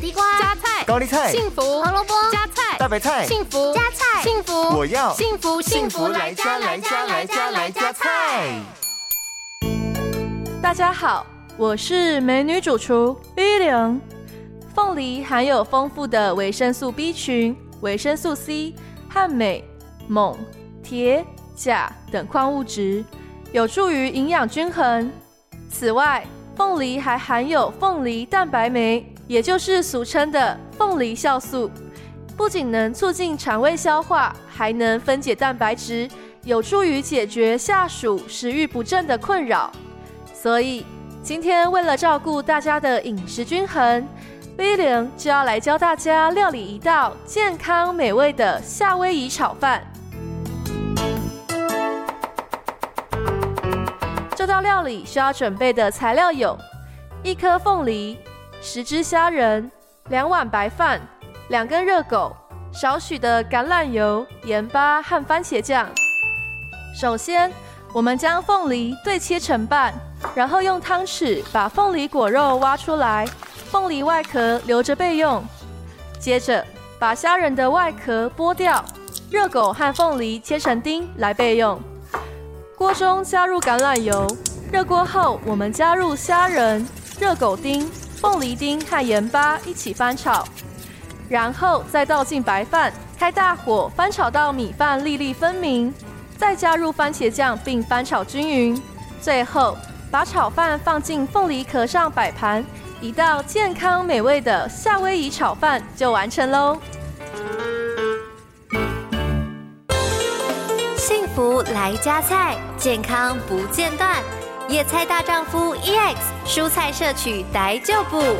地瓜、高麗菜、麗菜幸福、紅蘿蔔、加菜、大白菜、幸福、加菜、幸福，我要幸福幸福來加來加來加來，來，來加菜。大家好，我是美女主廚 V 玲。鳳梨含有豐富的維生素 B 群、維生素 C 和鎂、錳、鐵、鉀等礦物質，有助於營養均衡。此外，鳳梨還含有鳳梨蛋白酶，也就是俗稱的鳳梨酵素，不僅能促進腸胃消化，還能分解蛋白質，有助於解決夏暑食慾不振的困擾。所以，今天為了照顧大家的飲食均衡，威廉就要來教大家料理一道健康美味的夏威夷炒飯。這道料理需要準備的材料有一顆鳳梨。十隻蝦仁，兩碗白飯，兩根熱狗，少許的橄欖油、鹽巴和番茄醬。首先，我們將鳳梨對切成半，然後用湯匙把鳳梨果肉挖出來，鳳梨外殼留着備用。接着，把蝦仁的外殼剝掉，熱狗和鳳梨切成丁來備用。鍋中加入橄欖油，熱鍋後我們加入蝦仁、熱狗丁。鳳梨丁和鹽巴一起翻炒，然後再倒進白飯，開大火翻炒到米飯粒粒分明，再加入番茄醬並翻炒均勻。最後把炒飯放進鳳梨殼上擺盤，一道健康美味的夏威夷炒飯就完成嘍！幸福來加菜，健康不間斷。野菜大丈夫，EX 蔬菜攝取逮就補。